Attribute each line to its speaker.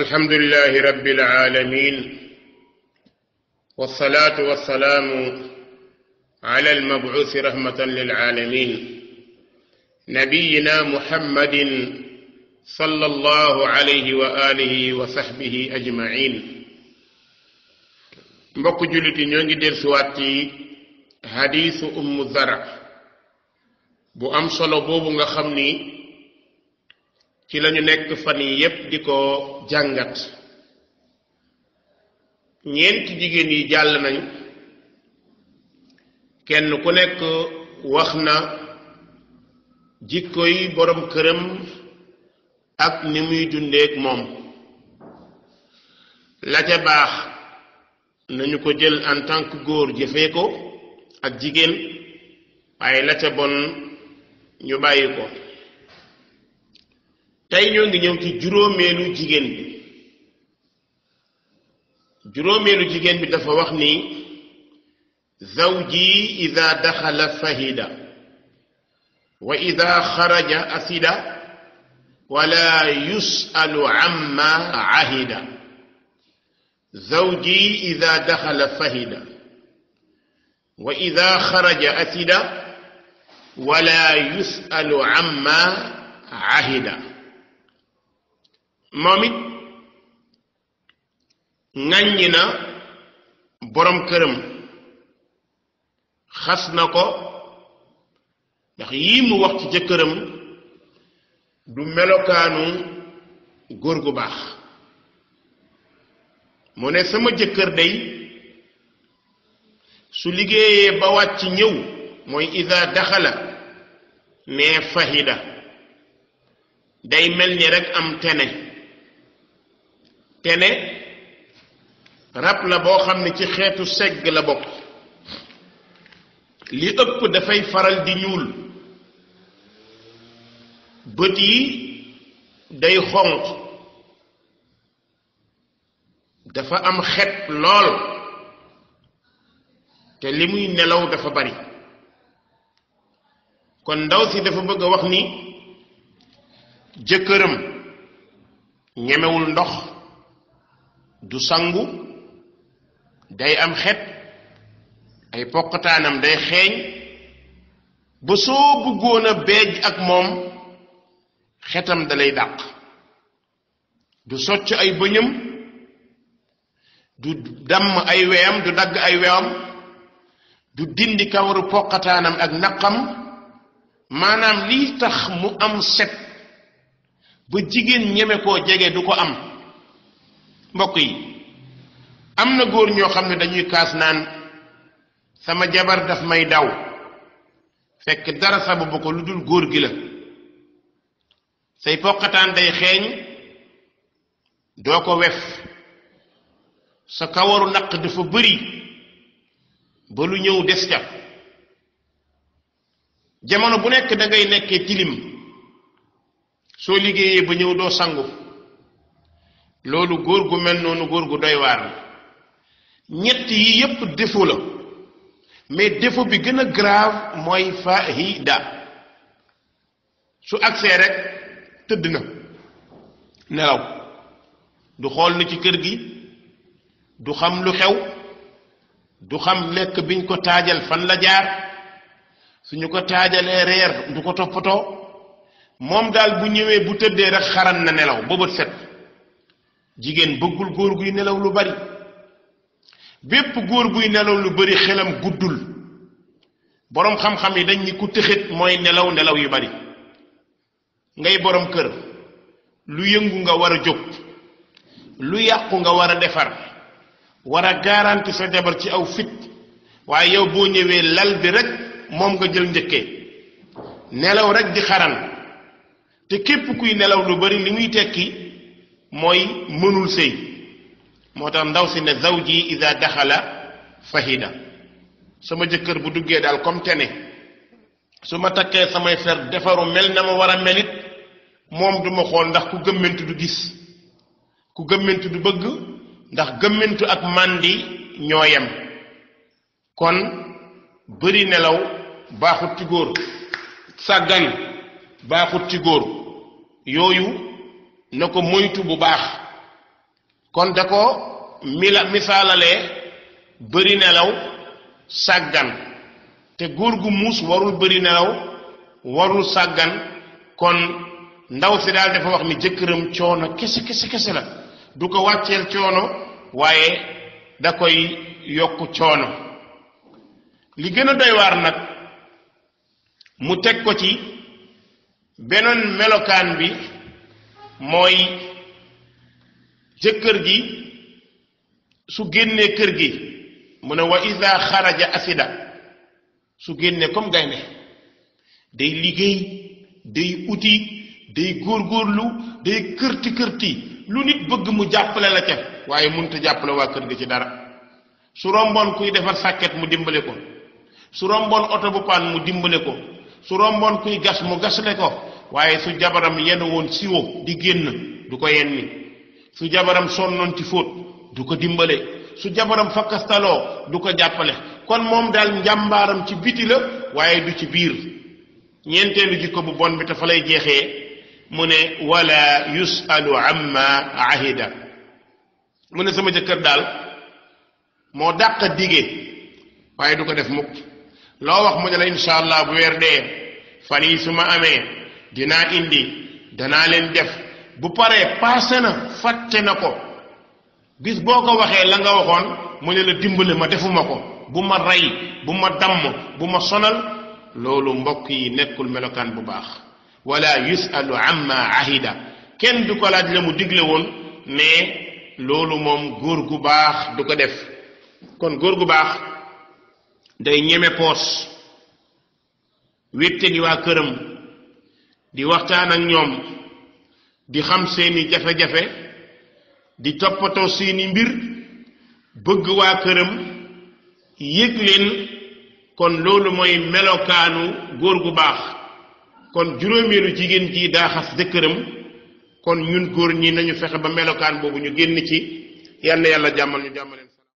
Speaker 1: الحمد لله رب العالمين والصلاة والسلام على المبعوث رحمة للعالمين نبينا محمد صلى الله عليه وآله وصحبه أجمعين mbokk جلت نيونج دير سواتي حديث أم الزرع بو zara bu am ci lañu nekk fan yi yépp di ko jàngat ñeenti jigéen yi jàll nañu kenn ku nekk wax na jikko boroom këram ak ni muy dundeek moom la ca baax nañu ko jël en tant góor jëfee ko ak jigéen waaye la ca bon ñu bàyyi ko tey ñoo ngi ñëw ci juróomeelu jigéen bi juróomeelu jigéen bi dafa wax ni zawji ida daxala fahida wa ida xaraja asida wala yusalu amma ahida zawji ida daxala fahida wa ida xaraja asida wala yusalu amma ahida moom it ŋàññi na boroom këram xas na ko ndax yii mu wax ci jëkkëram du melokaanu góor gu baax mu ne sama jëkkër day su liggéeyee ba wàcc ñëw mooy isaa daxala ne fahida day mel ni rekk am tene te rap la bo xamné ci xeetu segg la bok li ëpp da fay faral di ñuul bët yi day xonq dafa am xet lool te li muy nelaw dafa bari kon ndaw si dafa bëgg wax ni jëkkëram ñemewul ndox du sangu day am xet ay poqataanam day xeeñ ba soo bëggoon a beej ak moom xetam dalay dàq du socc ay bëñam du damm ay weyam du dagg ay weyam du dindi kawaru poqataanam ak naqam maanaam liy tax mu am set ba jigéen ñeme koo jege du ko am mbokk yi am na góor ñoo xam ne dañuy kaas naan sama jabar daf may daw fekk dara sababu ko lu dul góor gi la say poqataan day xeeñ doo ko wef sa kawaru naq dafa bari ba lu ñëw des ca jamono bu nekk dangay ngay nekkee tilim soo liggéeyee ba ñëw doo sangu loolu góor gu mel noonu góor gu doy waar la ñett yi yépp défaut la mais défaut bi gën a grave mooy fahida su agsee rek tëdd na nelaw du xool na ci kër gi du xam lu xew du xam lekk biñ ko taajal fan la jaar su ñu ko taajalee reer du ko toppatoo moom daal bu ñëwee bu tëddee rek xaran na nelaw ba set jigéen bëggul góor guy nelaw lu bari bépp góor guy nelaw lu bari xelam guddul boroom xam-xam yi dañ ni ku tëxit mooy nelaw nelaw yu bari ngay boroom kër lu yëngu nga war a jóg lu yàqu nga war a defar war a garanti sa jabar ci aw fit waaye yow boo ñëwee lal bi rek moom nga jël njëkke nelaw rek di xaran te képp kuy nelaw lu bari li muy tekki mooy mënul sëy moo tax ndaw si ne zawji ida daxala fahida sama jëkkër bu duggee daal comme tene su ma takkee samay fer defaru mel na ma war a melit moom duma xool ndax ku gëmmentu du gis ku gëmmentu du bëgg ndax gëmmentu ak màndi ñoo yem kon bari nelaw baaxut ci góor baaxut ci góor yooyu na ko moytu bu baax kon da ko mila misaalalee bari nelaw sàggan te góor gu muus warul bari nelaw warul sàggan kon ndaw si daal dafa wax ni jëkkëram coono kese kese kese la du ko wàcceel coono waaye da koy yokk coono li gën doy waar nag mu teg ko ci beneen melokaan bi mooy jëkkër gi su génnee kër gi mu ne wa xaraja asida su génnee comme gaynde day liggéey day uti day góorgóorlu day kërti kërti lu nit bëgg mu jàppale la ca waaye mënta jàppale waa kër gi ci dara su romboon kuy defar sàkket mu dimbale ko su romboon oto bu paan mu dimbale ko su romboon kuy gas mu gasle ko waaye su jabaram yenn woon siwo di génn du ko yenni su jabaram sonnoon ci fóot du ko dimbale su jabaram fakkastaloo du ko jàppale kon moom daal njàmbaaram ci biti la waaye du ci biir ñeenteelu jikko bu bon bi te fa lay jeexee mu ne wala yusalu amma ahida mu ne sama jëkkër daal moo dàq dige waaye du ko def mukk loo wax mu ne la incha allah bu weer dee fan yi su ma amee dinaa indi danaa leen def bu paree passé na fàtte na ko bis boo ko waxee la nga waxoon mu ne la ma defuma ko bu ma rey bu ma dàmm bu ma sonal loolu mbokk yi nekkul melokaan bu baax walla wala yusalu amma ahida kenn du ko laaj la mu digle woon mais loolu moom góor gu baax du ko def kon góor gu baax day ñeme poos wétte gi waa këram di waxtaan ak ñoom di xam seeni jafe-jafe di toppatoo seeni mbir bëgg waa këram yëg leen kon loolu mooy melokaanu góor gu baax kon lu jigéen jii daa xas jëkkëram kon ñun góor ñi nañu fexe ba melokaan boobu ñu génn ci yàlla yàlla jàmmal ñu jàmmale